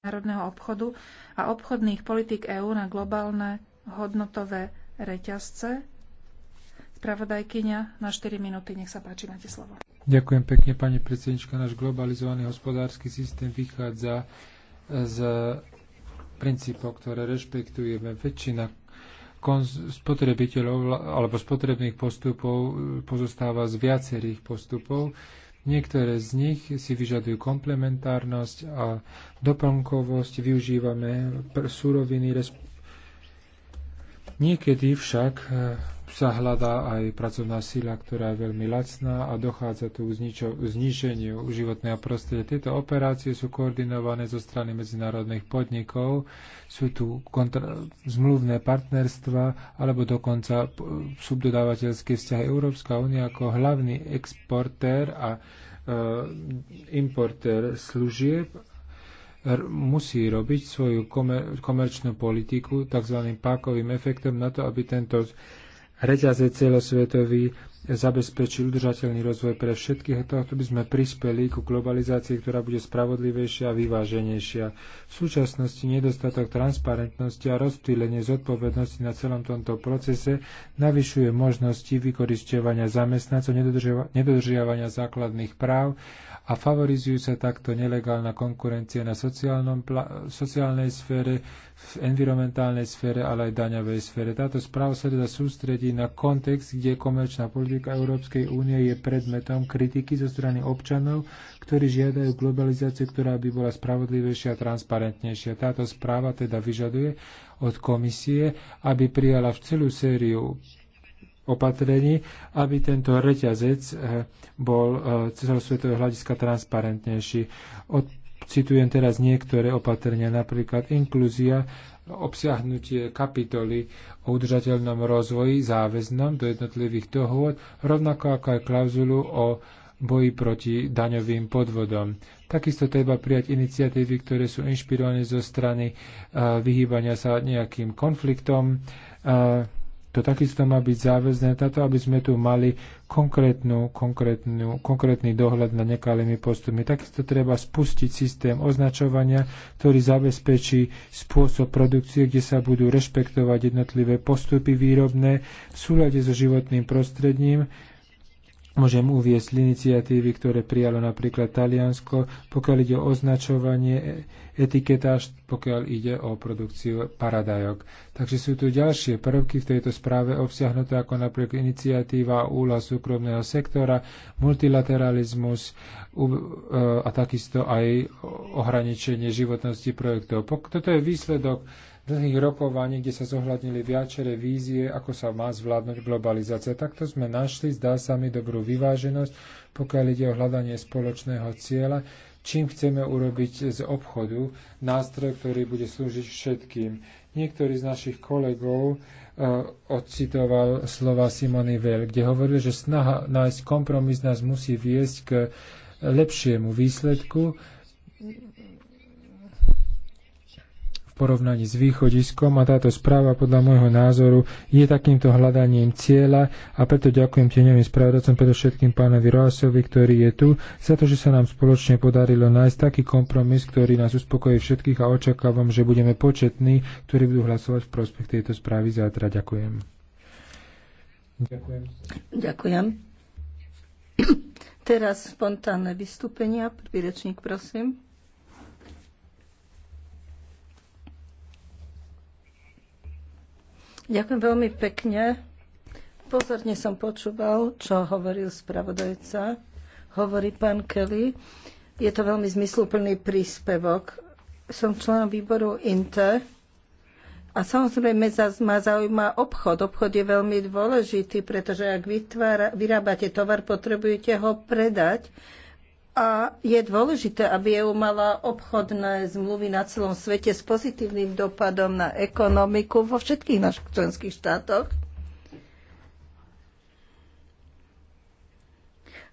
národného obchodu a obchodných politik EÚ na globálne hodnotové reťazce. Spravodajkyňa na 4 minúty, nech sa páči, máte slovo. Ďakujem pekne, pani predsednička. Náš globalizovaný hospodársky systém vychádza z princípov, ktoré rešpektujeme. Väčšina spotrebiteľov alebo spotrebných postupov pozostáva z viacerých postupov Niektoré z nich si vyžadujú komplementárnosť a doplnkovosť, využívame suroviny, Niekedy však e, sa hľadá aj pracovná sila, ktorá je veľmi lacná a dochádza tu k zniženiu životného prostredia. Tieto operácie sú koordinované zo strany medzinárodných podnikov, sú tu kontra- zmluvné partnerstva alebo dokonca e, subdodávateľské vzťahy. Európska únia ako hlavný exportér a e, importér služieb musí robiť svoju komer- komerčnú politiku tzv. pákovým efektom na to, aby tento reťazec celosvetový zabezpečiť udržateľný rozvoj pre všetkých a tohto by sme prispeli ku globalizácii, ktorá bude spravodlivejšia a vyváženejšia. V súčasnosti nedostatok transparentnosti a rozptýlenie zodpovednosti na celom tomto procese navyšuje možnosti vykoristovania zamestnancov, nedodržiavania základných práv a favorizujú sa takto nelegálna konkurencia na sociálnej sfére, v environmentálnej sfére, ale aj daňovej sfére. Táto správa sa teda sústredí na kontext, kde komerčná politika politika Európskej únie je predmetom kritiky zo strany občanov, ktorí žiadajú globalizáciu, ktorá by bola spravodlivejšia a transparentnejšia. Táto správa teda vyžaduje od komisie, aby prijala v celú sériu opatrení, aby tento reťazec eh, bol eh, celosvetového hľadiska transparentnejší. Od Citujem teraz niektoré opatrenia, napríklad inklúzia, obsiahnutie kapitoly o udržateľnom rozvoji záväznom do jednotlivých dohôd, rovnako ako aj klauzulu o boji proti daňovým podvodom. Takisto treba prijať iniciatívy, ktoré sú inšpirované zo strany eh, vyhýbania sa nejakým konfliktom, eh, to takisto má byť záväzné na to, aby sme tu mali konkrétnu, konkrétnu, konkrétny dohľad na nekalými postupmi. Takisto treba spustiť systém označovania, ktorý zabezpečí spôsob produkcie, kde sa budú rešpektovať jednotlivé postupy výrobné v súľade so životným prostredím Môžem uviezť iniciatívy, ktoré prijalo napríklad Taliansko, pokiaľ ide o označovanie e, etiketáž, pokiaľ ide o produkciu paradajok. Takže sú tu ďalšie prvky v tejto správe obsiahnuté, ako napríklad iniciatíva úla súkromného sektora, multilateralizmus e, a takisto aj ohraničenie životnosti projektov. Toto je výsledok dlhých rokovaní, kde sa zohľadnili viaceré vízie, ako sa má zvládnuť globalizácia. Takto sme našli, zdá sa mi, dobrú vyváženosť, pokiaľ ide o hľadanie spoločného cieľa, čím chceme urobiť z obchodu nástroj, ktorý bude slúžiť všetkým. Niektorý z našich kolegov e, odcitoval slova Simony Veil, kde hovoril, že snaha nájsť kompromis nás musí viesť k lepšiemu výsledku, porovnaní s východiskom a táto správa podľa môjho názoru je takýmto hľadaním cieľa a preto ďakujem tieňovým spravodacom, predovšetkým pánovi Roasovi, ktorý je tu, za to, že sa nám spoločne podarilo nájsť taký kompromis, ktorý nás uspokojí všetkých a očakávam, že budeme početní, ktorí budú hlasovať v prospech tejto správy zajtra. Ďakujem. Ďakujem. Ďakujem. Teraz spontánne vystúpenia. Prvý rečník, prosím. Ďakujem veľmi pekne. Pozorne som počúval, čo hovoril spravodajca. Hovorí pán Kelly. Je to veľmi zmysluplný príspevok. Som členom výboru INTE a samozrejme ma zaujíma obchod. Obchod je veľmi dôležitý, pretože ak vytvára, vyrábate tovar, potrebujete ho predať a je dôležité, aby EU mala obchodné zmluvy na celom svete s pozitívnym dopadom na ekonomiku vo všetkých našich členských štátoch.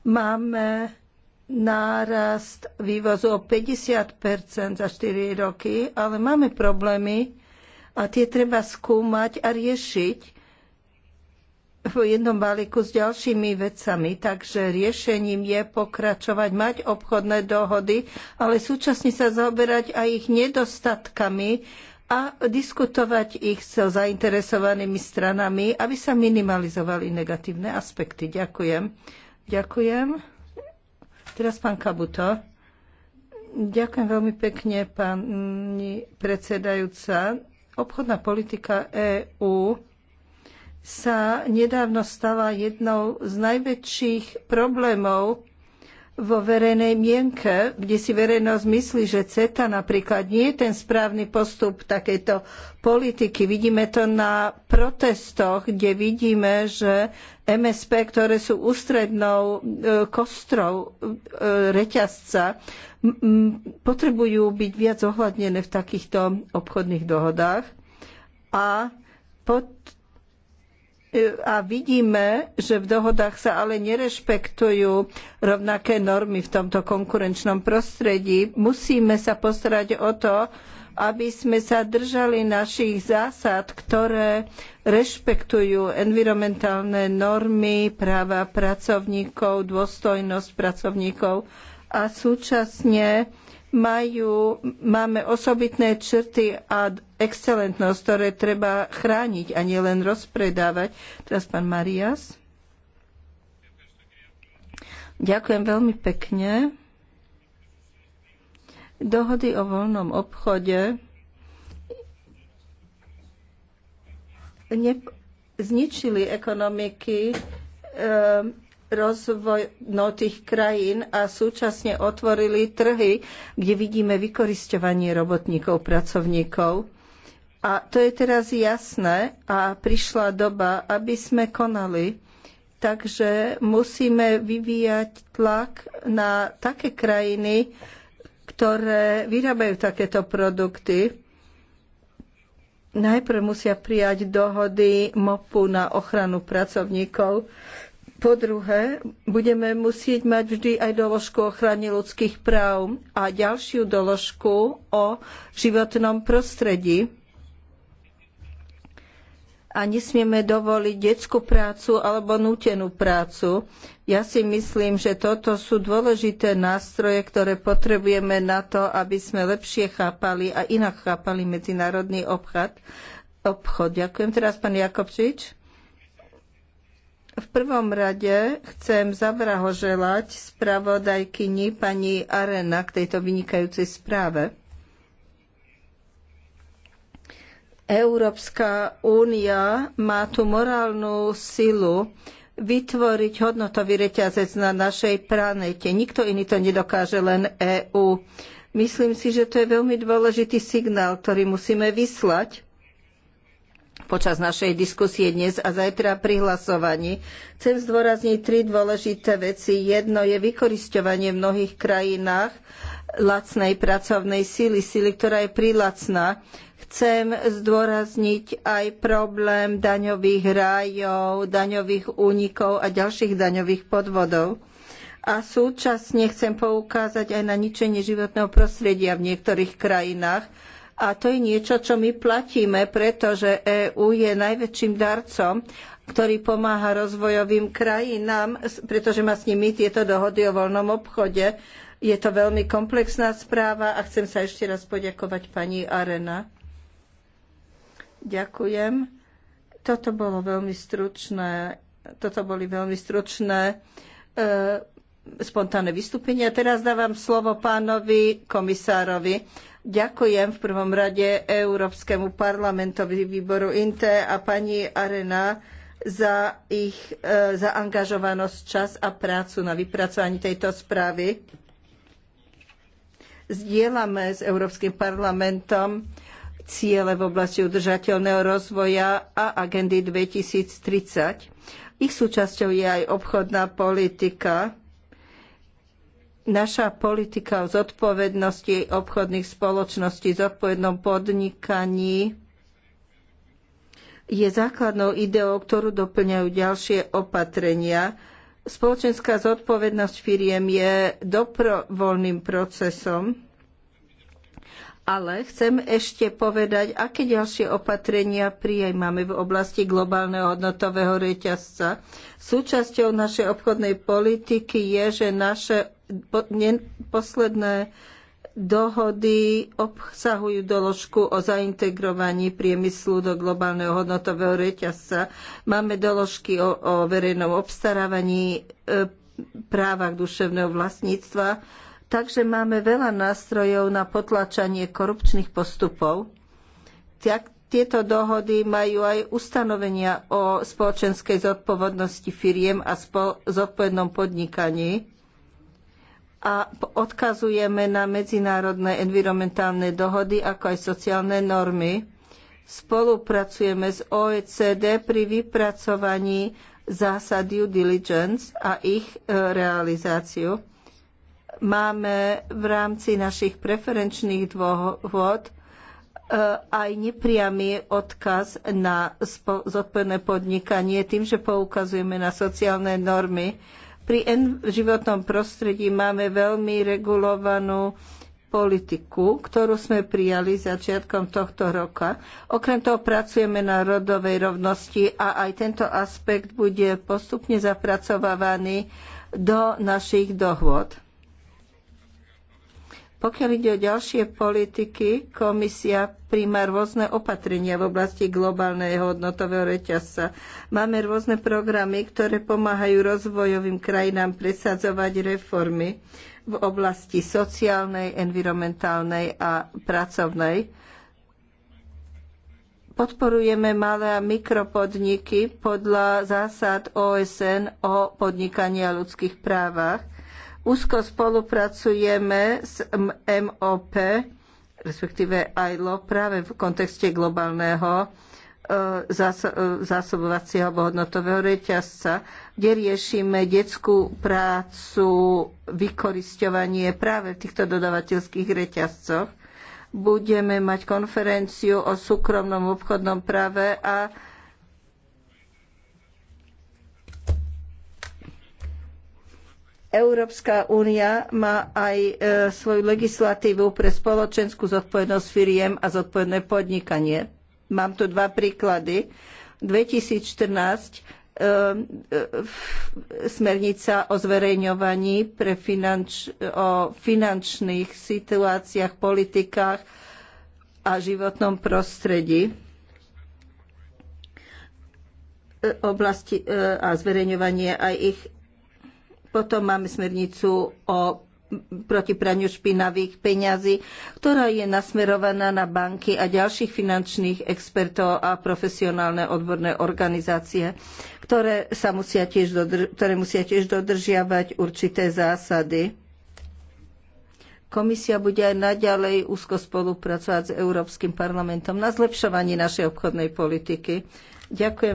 Máme nárast vývozu o 50 za 4 roky, ale máme problémy a tie treba skúmať a riešiť v jednom balíku s ďalšími vecami. Takže riešením je pokračovať, mať obchodné dohody, ale súčasne sa zaoberať aj ich nedostatkami a diskutovať ich so zainteresovanými stranami, aby sa minimalizovali negatívne aspekty. Ďakujem. Ďakujem. Teraz pán Kabuto. Ďakujem veľmi pekne, pani predsedajúca. Obchodná politika EÚ sa nedávno stala jednou z najväčších problémov vo verejnej mienke, kde si verejnosť myslí, že CETA napríklad nie je ten správny postup takejto politiky. Vidíme to na protestoch, kde vidíme, že MSP, ktoré sú ústrednou e, kostrou e, reťazca, potrebujú byť viac ohľadnené v takýchto obchodných dohodách. A pod E, a vidíme, že v dohodách sa ale nerešpektujú rovnaké normy v tomto konkurenčnom prostredí. Musíme sa postarať o to, aby sme sa držali našich zásad, ktoré rešpektujú environmentálne normy, práva pracovníkov, dôstojnosť pracovníkov a súčasne majú, máme osobitné črty a excelentnosť, ktoré treba chrániť a nielen rozpredávať. Teraz pán Marias. Ďakujem veľmi pekne. Dohody o voľnom obchode zničili ekonomiky um, rozvojnotých krajín a súčasne otvorili trhy, kde vidíme vykorisťovanie robotníkov, pracovníkov. A to je teraz jasné a prišla doba, aby sme konali. Takže musíme vyvíjať tlak na také krajiny, ktoré vyrábajú takéto produkty. Najprv musia prijať dohody MOPu na ochranu pracovníkov po druhé, budeme musieť mať vždy aj doložku o ochrane ľudských práv a ďalšiu doložku o životnom prostredí. A nesmieme dovoliť detskú prácu alebo nútenú prácu. Ja si myslím, že toto sú dôležité nástroje, ktoré potrebujeme na to, aby sme lepšie chápali a inak chápali medzinárodný obchod. obchod. Ďakujem teraz, pán Jakobčič. V prvom rade chcem zavrahoželať spravodajkyni pani Arena k tejto vynikajúcej správe. Európska únia má tú morálnu silu vytvoriť hodnotový reťazec na našej planete. Nikto iný to nedokáže, len EÚ. Myslím si, že to je veľmi dôležitý signál, ktorý musíme vyslať počas našej diskusie dnes a zajtra pri hlasovaní. Chcem zdôrazniť tri dôležité veci. Jedno je vykorisťovanie v mnohých krajinách lacnej pracovnej síly, síly, ktorá je prilacná. Chcem zdôrazniť aj problém daňových rájov, daňových únikov a ďalších daňových podvodov. A súčasne chcem poukázať aj na ničenie životného prostredia v niektorých krajinách, a to je niečo, čo my platíme, pretože EÚ je najväčším darcom ktorý pomáha rozvojovým krajinám, pretože má s nimi tieto dohody o voľnom obchode. Je to veľmi komplexná správa a chcem sa ešte raz poďakovať pani Arena. Ďakujem. Toto bolo veľmi stručné, toto boli veľmi stručné e, spontánne vystúpenia. Teraz dávam slovo pánovi komisárovi. Ďakujem v prvom rade Európskemu parlamentovi výboru INTE a pani Arena za ich e, zaangažovanosť, čas a prácu na vypracovaní tejto správy. Zdieľame s Európskym parlamentom ciele v oblasti udržateľného rozvoja a agendy 2030. Ich súčasťou je aj obchodná politika Naša politika o zodpovednosti obchodných spoločností, zodpovednom podnikaní je základnou ideou, ktorú doplňajú ďalšie opatrenia. Spoločenská zodpovednosť firiem je dobrovoľným procesom, ale chcem ešte povedať, aké ďalšie opatrenia prijímame v oblasti globálneho hodnotového reťazca. Súčasťou našej obchodnej politiky je, že naše posledné dohody obsahujú doložku o zaintegrovaní priemyslu do globálneho hodnotového reťazca. Máme doložky o, o verejnom obstarávaní, e, právach duševného vlastníctva Takže máme veľa nástrojov na potlačanie korupčných postupov. Tieto dohody majú aj ustanovenia o spoločenskej zodpovednosti firiem a zodpovednom podnikaní a odkazujeme na medzinárodné environmentálne dohody, ako aj sociálne normy. Spolupracujeme s OECD pri vypracovaní zásad due diligence a ich e, realizáciu máme v rámci našich preferenčných dôvod e, aj nepriamy odkaz na zodpovedné podnikanie tým, že poukazujeme na sociálne normy. Pri životnom prostredí máme veľmi regulovanú politiku, ktorú sme prijali začiatkom tohto roka. Okrem toho pracujeme na rodovej rovnosti a aj tento aspekt bude postupne zapracovávaný do našich dohôd. Pokiaľ ide o ďalšie politiky, komisia príjma rôzne opatrenia v oblasti globálneho hodnotového reťazca. Máme rôzne programy, ktoré pomáhajú rozvojovým krajinám presadzovať reformy v oblasti sociálnej, environmentálnej a pracovnej. Podporujeme malé a mikropodniky podľa zásad OSN o podnikaní a ľudských právach Úzko spolupracujeme s MOP, respektíve ILO, práve v kontexte globálneho e, e, zásobovacieho alebo hodnotového reťazca, kde riešime detskú prácu, vykorisťovanie práve v týchto dodavateľských reťazcoch. Budeme mať konferenciu o súkromnom obchodnom práve a Európska únia má aj e, svoju legislatívu pre spoločenskú zodpovednosť firiem a zodpovedné podnikanie. Mám tu dva príklady. 2014 e, e, smernica o zverejňovaní pre finanč, o finančných situáciách, politikách a životnom prostredí e, oblasti e, a zverejňovanie aj ich potom máme smernicu o proti praniu špinavých peňazí, ktorá je nasmerovaná na banky a ďalších finančných expertov a profesionálne odborné organizácie, ktoré, sa musia tiež dodrž- ktoré musia tiež dodržiavať určité zásady. Komisia bude aj naďalej úzko spolupracovať s Európskym parlamentom na zlepšovaní našej obchodnej politiky. Ďakujem.